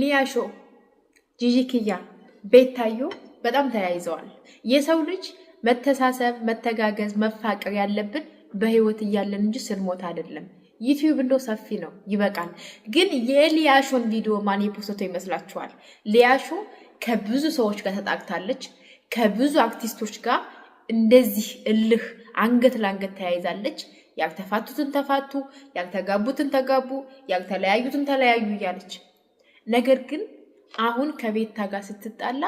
ሊያሾ ጂጂክያ ቤታዮ በጣም ተያይዘዋል። የሰው ልጅ መተሳሰብ፣ መተጋገዝ፣ መፋቀር ያለብን በህይወት እያለን እንጂ ስንሞት አይደለም። ዩቲዩብ እንደው ሰፊ ነው ይበቃል። ግን የሊያሾን ቪዲዮ ማን የፖስቶ ይመስላችኋል? ሊያሾ ከብዙ ሰዎች ጋር ተጣቅታለች። ከብዙ አርቲስቶች ጋር እንደዚህ እልህ አንገት ለአንገት ተያይዛለች። ያልተፋቱትን ተፋቱ፣ ያልተጋቡትን ተጋቡ፣ ያልተለያዩትን ተለያዩ እያለች ነገር ግን አሁን ከቤታ ጋር ስትጣላ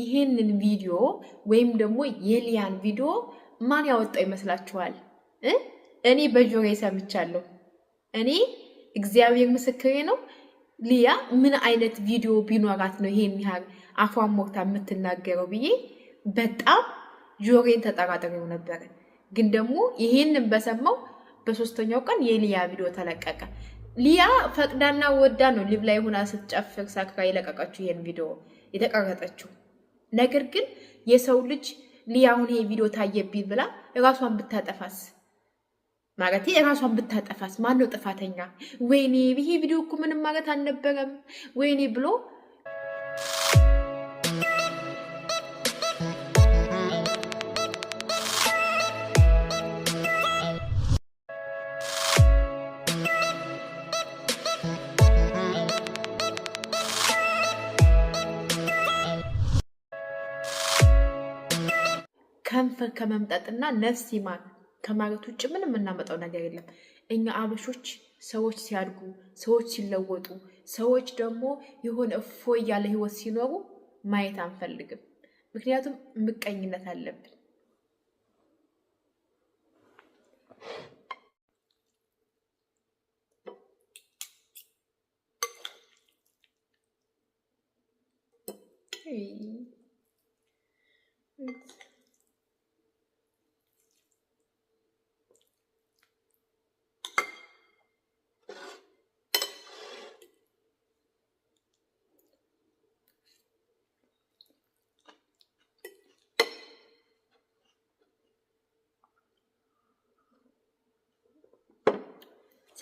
ይሄንን ቪዲዮ ወይም ደግሞ የሊያን ቪዲዮ ማን ያወጣው ይመስላችኋል? እኔ በጆሮዬ ሰምቻለሁ። እኔ እግዚአብሔር ምስክሬ ነው። ሊያ ምን አይነት ቪዲዮ ቢኖራት ነው ይሄን ያህል አፏን ሞርታ የምትናገረው ብዬ በጣም ጆሬን ተጠራጥሬው ነበር? ግን ደግሞ ይሄንን በሰማው በሶስተኛው ቀን የሊያ ቪዲዮ ተለቀቀ። ሊያ ፈቅዳና ወዳ ነው ሊብ ላይ ሆና ስትጨፍቅ ሳክካ የለቀቀችው ይሄን ቪዲዮ የተቀረጠችው። ነገር ግን የሰው ልጅ ሊያ አሁን ይሄ ቪዲዮ ታየብኝ ብላ ራሷን ብታጠፋስ ማለት ራሷን ብታጠፋስ ማን ነው ጥፋተኛ? ወይኔ ይሄ ቪዲዮ እኮ ምንም ማለት አልነበረም ወይኔ ብሎ ከንፈር ከመምጠጥና ነፍስ ይማር ከማለት ውጭ ምን የምናመጣው ነገር የለም። እኛ አበሾች ሰዎች ሲያድጉ፣ ሰዎች ሲለወጡ፣ ሰዎች ደግሞ የሆነ እፎ ያለ ህይወት ሲኖሩ ማየት አንፈልግም። ምክንያቱም ምቀኝነት አለብን።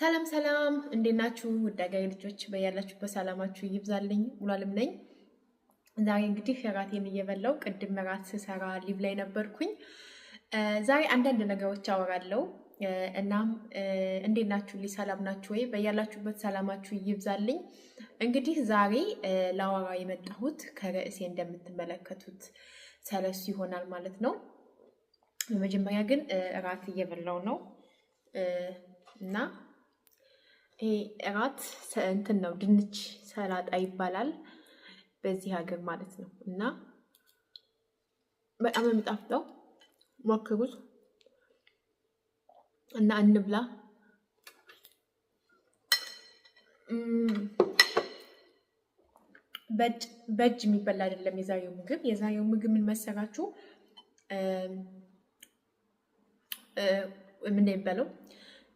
ሰላም ሰላም፣ እንዴት ናችሁ? ውድ አገሬ ልጆች በያላችሁበት ሰላማችሁ ይብዛልኝ። ሙሉዓለም ነኝ። ዛሬ እንግዲህ እራቴን እየበላው ቅድም እራት ስሰራ ሊብ ላይ ነበርኩኝ። ዛሬ አንዳንድ ነገሮች አወራለሁ። እናም እንዴት ናችሁ? ናችሁ ወይ? በያላችሁበት ሰላማችሁ ይብዛልኝ። እንግዲህ ዛሬ ላወራ የመጣሁት ከርዕሴ እንደምትመለከቱት ሰለሱ ይሆናል ማለት ነው። በመጀመሪያ ግን እራት እየበላው ነው እና ይሄ እራት እንትን ነው፣ ድንች ሰላጣ ይባላል በዚህ ሀገር ማለት ነው። እና በጣም የሚጣፍጠው ሞክሩት እና እንብላ። በእጅ የሚበላ አይደለም የዛሬው ምግብ። የዛሬው ምግብ ምን መሰራችሁ? ምን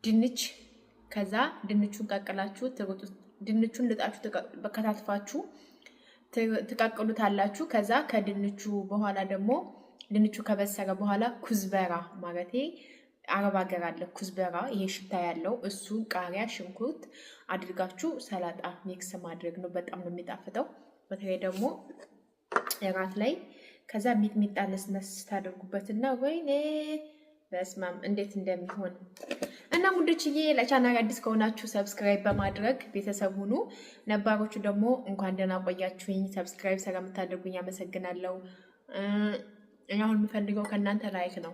ድንች ከዛ ድንቹን ቀቅላችሁ ድንቹን ልጣችሁ ከታትፋችሁ ትቀቅሉታላችሁ። ከዛ ከድንቹ በኋላ ደግሞ ድንቹ ከበሰረ በኋላ ኩዝበራ ማለት አረብ ሀገር አለ ኩዝበራ፣ ይሄ ሽታ ያለው እሱ ቃሪያ፣ ሽንኩርት አድርጋችሁ ሰላጣ ሚክስ ማድረግ ነው። በጣም ነው የሚጣፍጠው፣ በተለይ ደግሞ እራት ላይ። ከዛ ሚጥሚጣ ነስነስ ታደርጉበትና ወይኔ በስማም እንዴት እንደሚሆን እና ሙዶችዬ ለቻናል አዲስ ከሆናችሁ ሰብስክራይብ በማድረግ ቤተሰብ ሁኑ። ነባሮቹ ደግሞ እንኳን ደህና ቆያችሁኝ። ሰብስክራይብ ስለምታደርጉኝ አመሰግናለሁ። እኔ አሁን የምፈልገው ከእናንተ ላይክ ነው።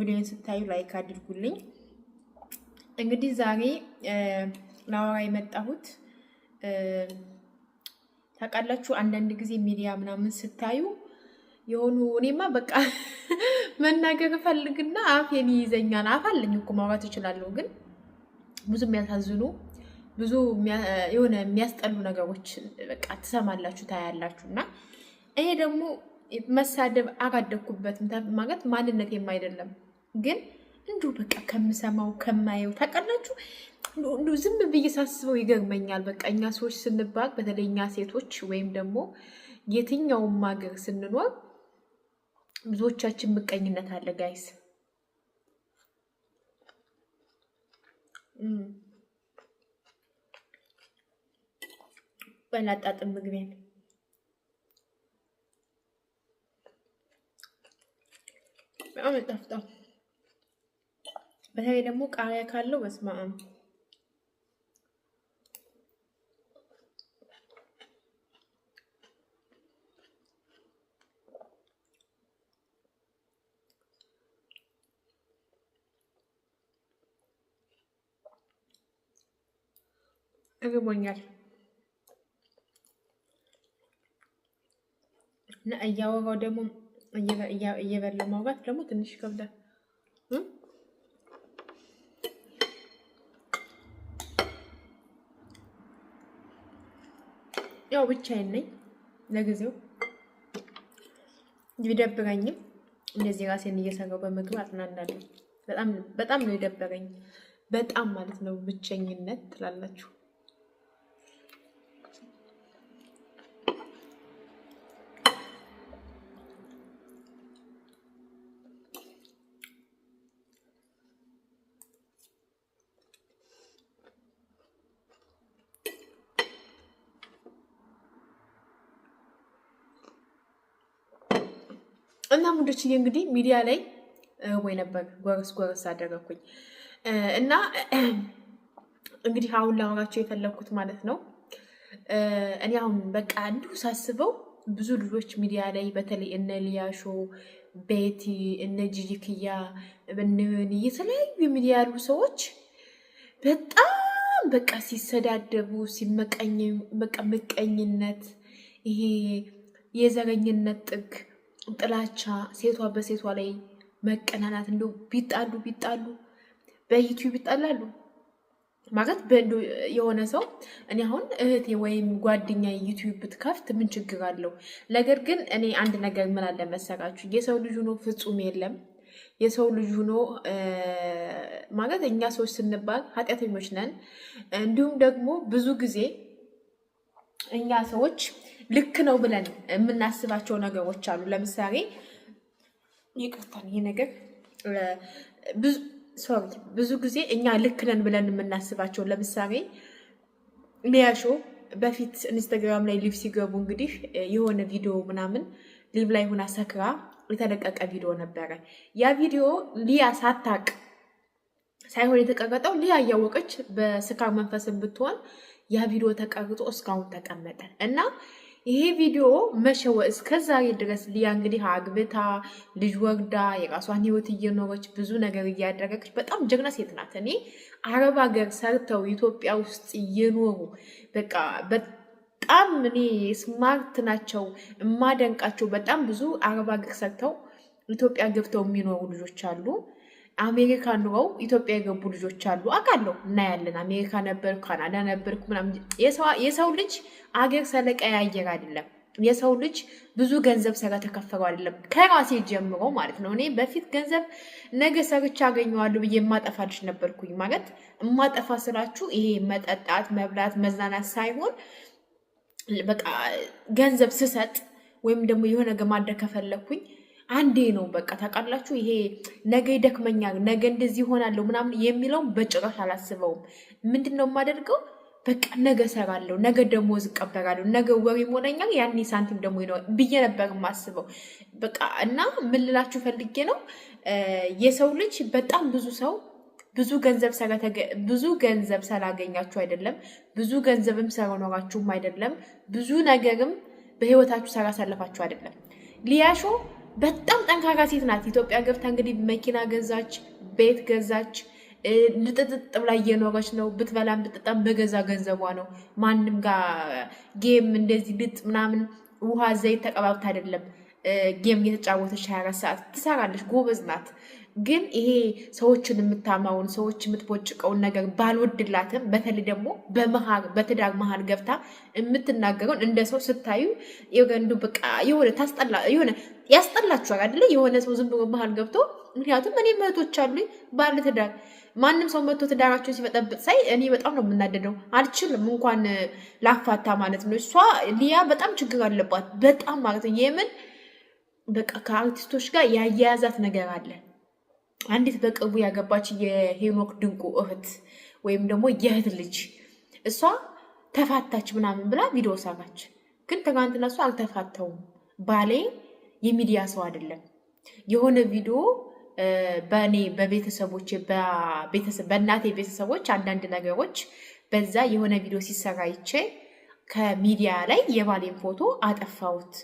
ቪዲዮን ስታዩ ላይክ አድርጉልኝ። እንግዲህ ዛሬ ላወራ የመጣሁት ታውቃላችሁ፣ አንዳንድ ጊዜ ሚዲያ ምናምን ስታዩ የሆኑ እኔማ በቃ መናገር ፈልግና አፌን ይይዘኛል። አፍ አለኝ እኮ ማውራት እችላለሁ፣ ግን ብዙ የሚያሳዝኑ ብዙ የሆነ የሚያስጠሉ ነገሮች በቃ ትሰማላችሁ፣ ታያላችሁ። እና ይሄ ደግሞ መሳደብ አጋደግኩበትም ማለት ማንነቴም አይደለም፣ ግን እንዲሁ በቃ ከምሰማው ከማየው ታውቃላችሁ ዝም ብዬ ሳስበው ይገርመኛል። በቃ እኛ ሰዎች ስንባል በተለይ እኛ ሴቶች ወይም ደግሞ የትኛውም ሀገር ስንኖር ብዙዎቻችን ምቀኝነት አለ ጋይስ። በላጣጥም ምግቤን በጣም ጠፍጣ በተለይ ደግሞ ቃሪያ ካለው በስማም እርቦኛል እና እያወራው ደግሞ እየበለ ማውራት ደግሞ ትንሽ ይከብዳል። ያው ብቻዬን ነኝ ለጊዜው ቢደብረኝም እንደዚህ ራሴን እየሰራው በምግብ አጽናናለሁ። በጣም በጣም ነው የደበረኝ። በጣም ማለት ነው ብቸኝነት ትላላችሁ። እና ወንዶችዬ እንግዲህ ሚዲያ ላይ ወይ ነበር ጎረስ ጎረስ አደረግኩኝ እና እንግዲህ አሁን ላወራቸው የፈለግኩት ማለት ነው። እኔ አሁን በቃ እንዲሁ ሳስበው ብዙ ልጆች ሚዲያ ላይ በተለይ እነ ሊያሾ ቤቲ፣ እነ ጂጂክያ፣ እነኒ የተለያዩ ሚዲያ ያሉ ሰዎች በጣም በቃ ሲሰዳደቡ ምቀኝነት ይሄ የዘረኝነት ጥግ ጥላቻ፣ ሴቷ በሴቷ ላይ መቀናናት እንደ ቢጣሉ ቢጣሉ በዩቲዩብ ይጣላሉ ማለት በእንዶ የሆነ ሰው እኔ አሁን እህቴ ወይም ጓደኛ ዩቲዩብ ብትከፍት ምን ችግር አለው? ነገር ግን እኔ አንድ ነገር ምን አለ መሰላችሁ፣ የሰው ልጅ ሆኖ ፍጹም የለም። የሰው ልጅ ሆኖ ማለት እኛ ሰዎች ስንባል ኃጢአተኞች ነን። እንዲሁም ደግሞ ብዙ ጊዜ እኛ ሰዎች ልክ ነው ብለን የምናስባቸው ነገሮች አሉ። ለምሳሌ ይቅርታን ይህ ነገር ሶሪ፣ ብዙ ጊዜ እኛ ልክ ነን ብለን የምናስባቸው ለምሳሌ ሊያሾ በፊት ኢንስታግራም ላይ ሊቭ ሲገቡ እንግዲህ የሆነ ቪዲዮ ምናምን ሊቭ ላይ ሆና ሰክራ የተለቀቀ ቪዲዮ ነበረ። ያ ቪዲዮ ሊያ ሳታቅ ሳይሆን የተቀረጠው ሊያ እያወቀች በስካር መንፈስን ብትሆን ያ ቪዲዮ ተቀርጦ እስካሁን ተቀመጠ እና ይሄ ቪዲዮ መሸወ ዛሬ ድረስ ሊያ እንግዲህ አግብታ ልጅ ወርዳ የራሷን ህይወት እየኖረች ብዙ ነገር እያደረገች በጣም ጀግና ሴት ናት። እኔ አረብ ሀገር ሰርተው ኢትዮጵያ ውስጥ እየኖሩ በቃ በጣም እኔ ስማርት ናቸው እማደንቃቸው። በጣም ብዙ አረብ ሀገር ሰርተው ኢትዮጵያ ገብተው የሚኖሩ ልጆች አሉ። አሜሪካ ኑረው ኢትዮጵያ የገቡ ልጆች አሉ አውቃለሁ። እናያለን። አሜሪካ ነበርኩ፣ ካናዳ ነበርኩ ምናምን። የሰው ልጅ አገር ስለቀያየር አይደለም የሰው ልጅ ብዙ ገንዘብ ስለተከፈለው አይደለም። ከራሴ ጀምሮ ማለት ነው። እኔ በፊት ገንዘብ ነገ ሰርቼ አገኘዋለሁ ብዬ የማጠፋ ልጅ ነበርኩኝ። ማለት የማጠፋ ስላችሁ ይሄ መጠጣት፣ መብላት፣ መዝናናት ሳይሆን በቃ ገንዘብ ስሰጥ ወይም ደግሞ የሆነ ነገር ማድረግ ከፈለግኩኝ አንዴ ነው በቃ ታውቃላችሁ። ይሄ ነገ ይደክመኛል፣ ነገ እንደዚህ ይሆናለሁ ምናምን የሚለውን በጭራሽ አላስበውም። ምንድን ነው የማደርገው? በቃ ነገ ሰራለሁ፣ ነገ ደግሞ ዝቀበራለሁ፣ ነገ ወር ይሞላኛል፣ ያኔ ሳንቲም ደግሞ ይኖራል ብዬ ነበር በቃ እና ምን ልላችሁ ፈልጌ ነው የሰው ልጅ በጣም ብዙ ሰው ብዙ ገንዘብ ብዙ ገንዘብ ስላገኛችሁ አይደለም፣ ብዙ ገንዘብም ስለኖራችሁም አይደለም፣ ብዙ ነገርም በህይወታችሁ ስላሳለፋችሁ አይደለም ሊያሾ በጣም ጠንካራ ሴት ናት። ኢትዮጵያ ገብታ እንግዲህ መኪና ገዛች፣ ቤት ገዛች፣ ልጥጥጥ ብላ እየኖረች ነው። ብትበላም ብትጠጣም በገዛ ገንዘቧ ነው። ማንም ጋር ጌም እንደዚህ ልጥ ምናምን ውሃ ዘይት ተቀባብታ አይደለም ጌም እየተጫወተች 24 ሰዓት ትሰራለች። ጎበዝ ናት። ግን ይሄ ሰዎችን የምታማውን ሰዎች የምትቦጭቀውን ነገር ባልወድላትም፣ በተለይ ደግሞ በትዳር መሀል ገብታ የምትናገረውን እንደ ሰው ስታዩ የገንዱ በቃ የሆነ ታስጠላ የሆነ ያስጠላችኋል አይደለ? የሆነ ሰው ዝም ብሎ መሀል ገብቶ ምክንያቱም እኔ እህቶች አሉኝ ባለ ትዳር ማንም ሰው መቶ ትዳራቸውን ሲበጠብጥ ሳይ እኔ በጣም ነው የምናደደው። አልችልም እንኳን ላፋታ ማለት ነው። እሷ ሊያ በጣም ችግር አለባት፣ በጣም ማለት ነው። የምን በቃ ከአርቲስቶች ጋር ያያያዛት ነገር አለ። አንዲት በቅርቡ ያገባች የሄኖክ ድንቁ እህት ወይም ደግሞ የእህት ልጅ እሷ ተፋታች ምናምን ብላ ቪዲዮ ሰራች ግን ትናንትና እሷ አልተፋተውም፣ ባሌ የሚዲያ ሰው አይደለም፣ የሆነ ቪዲዮ በእኔ በቤተሰቦች በእናቴ ቤተሰቦች አንዳንድ ነገሮች በዛ የሆነ ቪዲዮ ሲሰራ ይቼ ከሚዲያ ላይ የባሌን ፎቶ አጠፋሁት፣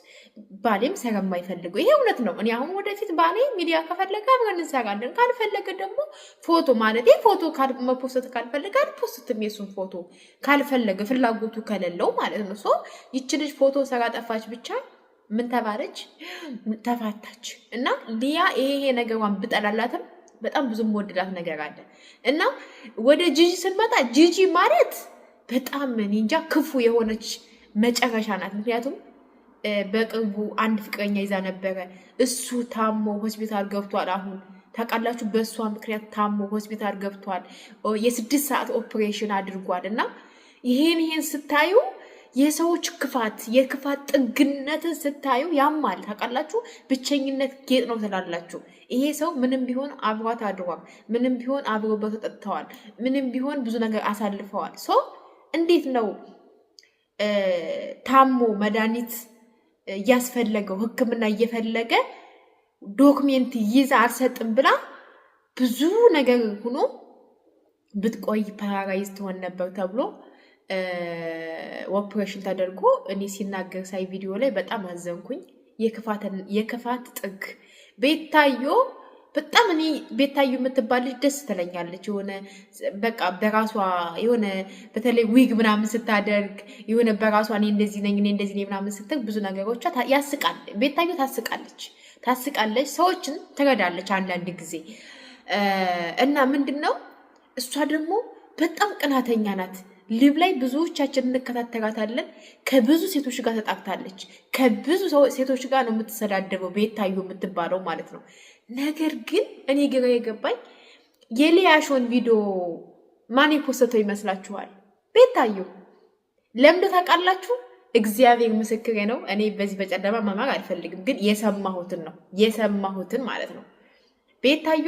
ባሌም ስለማይፈልገው። ይሄ እውነት ነው። እኔ አሁን ወደፊት ባሌ ሚዲያ ከፈለገ አብረን እንሰራለን፣ ካልፈለገ ደግሞ ፎቶ ማለት ፎቶ መፖሰት ካልፈለገ አልፖስትም፣ የሱን ፎቶ ካልፈለገ ፍላጎቱ ከሌለው ማለት ነው። ሶ ይች ልጅ ፎቶ ጠፋች ብቻ ምን ተባለች? ተፋታች። እና ሊያ ይሄ ነገሯን ብጠላላትም በጣም ብዙ ወደዳት ነገር አለ እና ወደ ጂጂ ስንመጣ ጂጂ ማለት በጣም እኔ እንጃ ክፉ የሆነች መጨረሻ ናት። ምክንያቱም በቅርቡ አንድ ፍቅረኛ ይዛ ነበረ። እሱ ታሞ ሆስፒታል ገብቷል። አሁን ታውቃላችሁ፣ በእሷ ምክንያት ታሞ ሆስፒታል ገብቷል። የስድስት ሰዓት ኦፕሬሽን አድርጓል። እና ይሄን ይሄን ስታዩ የሰዎች ክፋት የክፋት ጥግነትን ስታዩ ያማል። ታውቃላችሁ፣ ብቸኝነት ጌጥ ነው ትላላችሁ። ይሄ ሰው ምንም ቢሆን አብሯት አድሯል፣ ምንም ቢሆን አብሮበት ጠጥተዋል፣ ምንም ቢሆን ብዙ ነገር አሳልፈዋል። እንዴት ነው ታሞ መድኃኒት እያስፈለገው ህክምና እየፈለገ ዶክሜንት ይዛ አልሰጥም ብላ ብዙ ነገር ሆኖ ብትቆይ ፓራላይዝ ትሆን ነበር ተብሎ ኦፕሬሽን ተደርጎ እኔ ሲናገር ሳይ ቪዲዮ ላይ በጣም አዘንኩኝ። የክፋት ጥግ ቤታዮ በጣም እኔ ቤታዩ የምትባል ልጅ ደስ ትለኛለች። የሆነ በቃ በራሷ የሆነ በተለይ ዊግ ምናምን ስታደርግ የሆነ በራሷ እኔ እንደዚህ ነኝ እኔ እንደዚህ ነኝ ምናምን ስትል ብዙ ነገሮቿ ያስቃል። ቤታዩ ታስቃለች፣ ታስቃለች፣ ሰዎችን ትረዳለች አንዳንድ ጊዜ እና ምንድን ነው እሷ ደግሞ በጣም ቅናተኛ ናት። ሊብ ላይ ብዙዎቻችን እንከታተጋታለን ከብዙ ሴቶች ጋር ተጣብታለች። ከብዙ ሴቶች ጋር ነው የምትሰዳደበው ቤታዩ የምትባለው ማለት ነው። ነገር ግን እኔ ግራ የገባኝ የሊያሾን ቪዲዮ ማን የፖሰተው ይመስላችኋል? ቤታዩ ለምዶ ታውቃላችሁ? እግዚአብሔር ምስክሬ ነው። እኔ በዚህ በጨለማ መማር አልፈልግም፣ ግን የሰማሁትን ነው የሰማሁትን ማለት ነው። ቤታዩ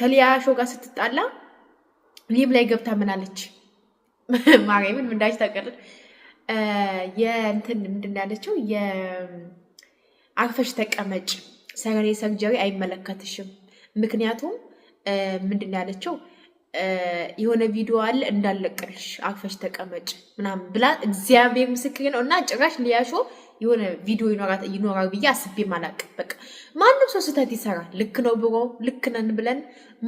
ከሊያሾ ጋር ስትጣላ ሊብ ላይ ገብታ ምናለች? ማርያምን ምንዳች ታቀል የእንትን ምንድን ያለችው የአርፈሽ ተቀመጭ ሰገሬ ሰርጀሪ አይመለከትሽም። ምክንያቱም ምንድን ያለችው የሆነ ቪዲዮ አለ እንዳለቀልሽ አርፈሽ ተቀመጭ ምናምን ብላ እግዚአብሔር ምስክር ነው እና ጭራሽ ሊያሾ የሆነ ቪዲዮ ይኖራል ብዬ አስቤም አላቅም። በቃ ማንም ሰው ስህተት ይሰራል። ልክ ነው ብሮ ልክ ነን ብለን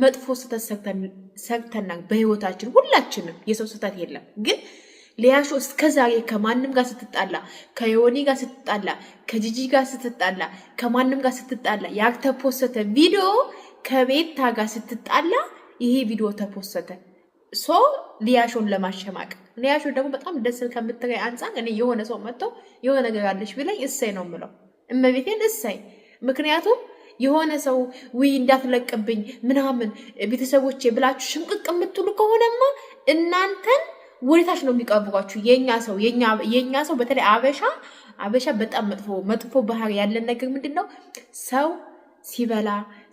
መጥፎ ስህተት ሰርተናል በህይወታችን ሁላችንም። የሰው ስህተት የለም ግን ሊያሾ እስከ ዛሬ ከማንም ጋር ስትጣላ ከዮኒ ጋር ስትጣላ ከጂጂ ጋር ስትጣላ ከማንም ጋር ስትጣላ ያልተፖሰተ ቪዲዮ ከቤታ ጋር ስትጣላ ይሄ ቪዲዮ ተፖሰተ። ሶ ሊያሾን ለማሸማቅ ሊያሾን ደግሞ በጣም ደስ ከምትገኝ አንፃር እኔ የሆነ ሰው መጥቶ የሆነ ነገር አለሽ ቢለኝ እሰይ ነው የምለው፣ እመቤቴን እሰይ። ምክንያቱም የሆነ ሰው ውይ እንዳትለቅብኝ ምናምን ቤተሰቦቼ ብላችሁ ሽምቅቅ የምትሉ ከሆነማ እናንተን ወደታች ነው የሚቀብሯችሁ። የኛ ሰው የኛ ሰው በተለይ አበሻ አበሻ በጣም መጥፎ መጥፎ ባህሪ ያለን ነገር ምንድን ነው? ሰው ሲበላ፣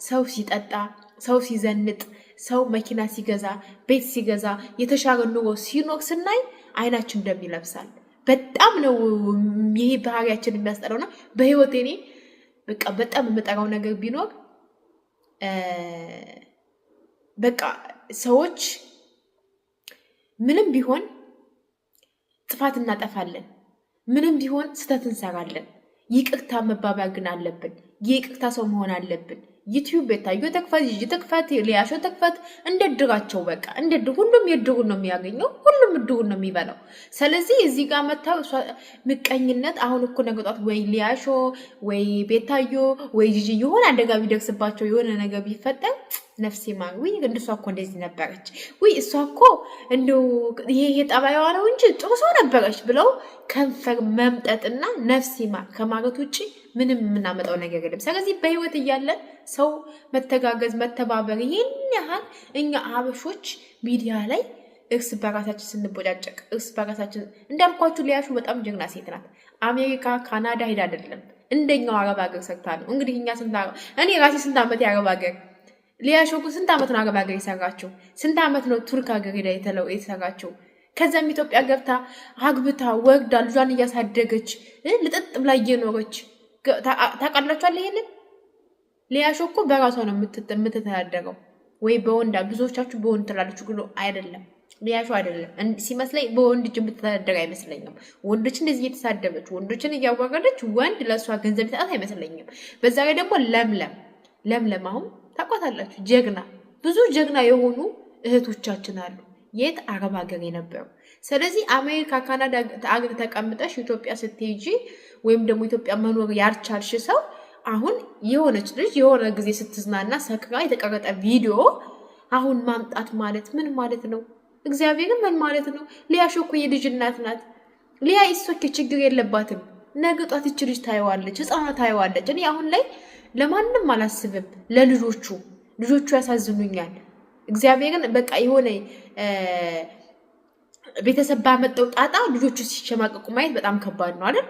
ሰው ሲጠጣ፣ ሰው ሲዘንጥ ሰው መኪና ሲገዛ፣ ቤት ሲገዛ፣ የተሻለ ኑሮ ሲኖር ስናይ አይናችን ደም ይለብሳል። በጣም ነው ይሄ ባህሪያችን ነው። በህይወት እኔ በቃ በጣም የምጠራው ነገር ቢኖር በቃ ሰዎች ምንም ቢሆን ጥፋት እናጠፋለን፣ ምንም ቢሆን ስህተት እንሰራለን። ይቅርታ መባቢያ ግን አለብን። ይቅርታ ሰው መሆን አለብን። ዩቲዩብ ቤታዮ ተክፈት፣ ጂጂ ተክፈት፣ ሊያሾ ተክፈት። እንደ ድራቸው በቃ እንደ ድር ሁሉም የድሩን ነው የሚያገኘው፣ ሁሉም ድሩን ነው የሚበላው። ስለዚህ እዚህ ጋር መታው ምቀኝነት። አሁን እኮ ነገ ወይ ሊያሾ ወይ ቤታዮ ወይ ጂጂ የሆነ አደጋ ቢደርስባቸው የሆነ ነገር ቢፈጠር ነፍሴ ማር ውይ፣ እሷ እኮ እንደዚህ ነበረች፣ ውይ እሷ እኮ እንደው ይሄ ጠባይዋ ነው እንጂ ጥሩ ሰው ነበረች ብለው ከንፈር መምጠጥና ነፍሴ ማር ከማረት ውጭ ምንም የምናመጣው ነገር የለም። ስለዚህ በህይወት እያለን ሰው መተጋገዝ፣ መተባበር ይህን ያህል እኛ አበሾች ሚዲያ ላይ እርስ በራሳችን ስንቦጫጨቅ እርስ በራሳችን እንዳልኳችሁ ሊያሹ በጣም ጀግና ሴት ናት። አሜሪካ ካናዳ ሄድ አይደለም እንደኛው አረብ ሀገር ሰርታ ነው። እንግዲህ እኛ ስንት እኔ ራሴ ስንት ዓመት የአረብ ሀገር ሊያ ሾቁ ስንት ዓመት ነው አረብ ሀገር የሰራችው? ስንት ዓመት ነው ቱርክ ሀገር ሄዳ የተለው የተሰራችው? ከዚያም ኢትዮጵያ ገብታ አግብታ ወግዳ ልጇን እያሳደገች ልጥጥ ብላ እየኖረች ታውቃላችኋል። ይሄንን ሊያ ሾቁ በራሷ ነው የምትተዳደረው ወይ በወንዳ ብዙዎቻችሁ በወንድ ትላለች ብሎ አይደለም ሊያሾ አይደለም ሲመስለኝ፣ በወንድ እጅ የምትተዳደር አይመስለኝም። ወንዶች እንደዚህ እየተሳደበች ወንዶችን እያዋረደች ወንድ ለእሷ ገንዘብ ይሰጣት አይመስለኝም። በዛ ላይ ደግሞ ለምለም ለምለም አሁን ታቋታላችሁ። ጀግና ብዙ ጀግና የሆኑ እህቶቻችን አሉ፣ የት አረብ ሀገር የነበሩ። ስለዚህ አሜሪካ፣ ካናዳ አገር ተቀምጠሽ ኢትዮጵያ ስትሄጂ ወይም ደግሞ ኢትዮጵያ መኖር ያልቻልሽ ሰው አሁን የሆነች ልጅ የሆነ ጊዜ ስትዝናና ሰክራ የተቀረጠ ቪዲዮ አሁን ማምጣት ማለት ምን ማለት ነው? እግዚአብሔርን ምን ማለት ነው? ሊያ ሾኮ የልጅ እናት ናት። ሊያ ኢሶኬ ችግር የለባትም። ነገጧት ይች ልጅ ታየዋለች፣ ህፃኗ ታየዋለች። እኔ አሁን ላይ ለማንም አላስብም። ለልጆቹ ልጆቹ ያሳዝኑኛል። እግዚአብሔርን በቃ የሆነ ቤተሰብ ባመጣው ጣጣ ልጆቹ ሲሸማቀቁ ማየት በጣም ከባድ ነው አይደል?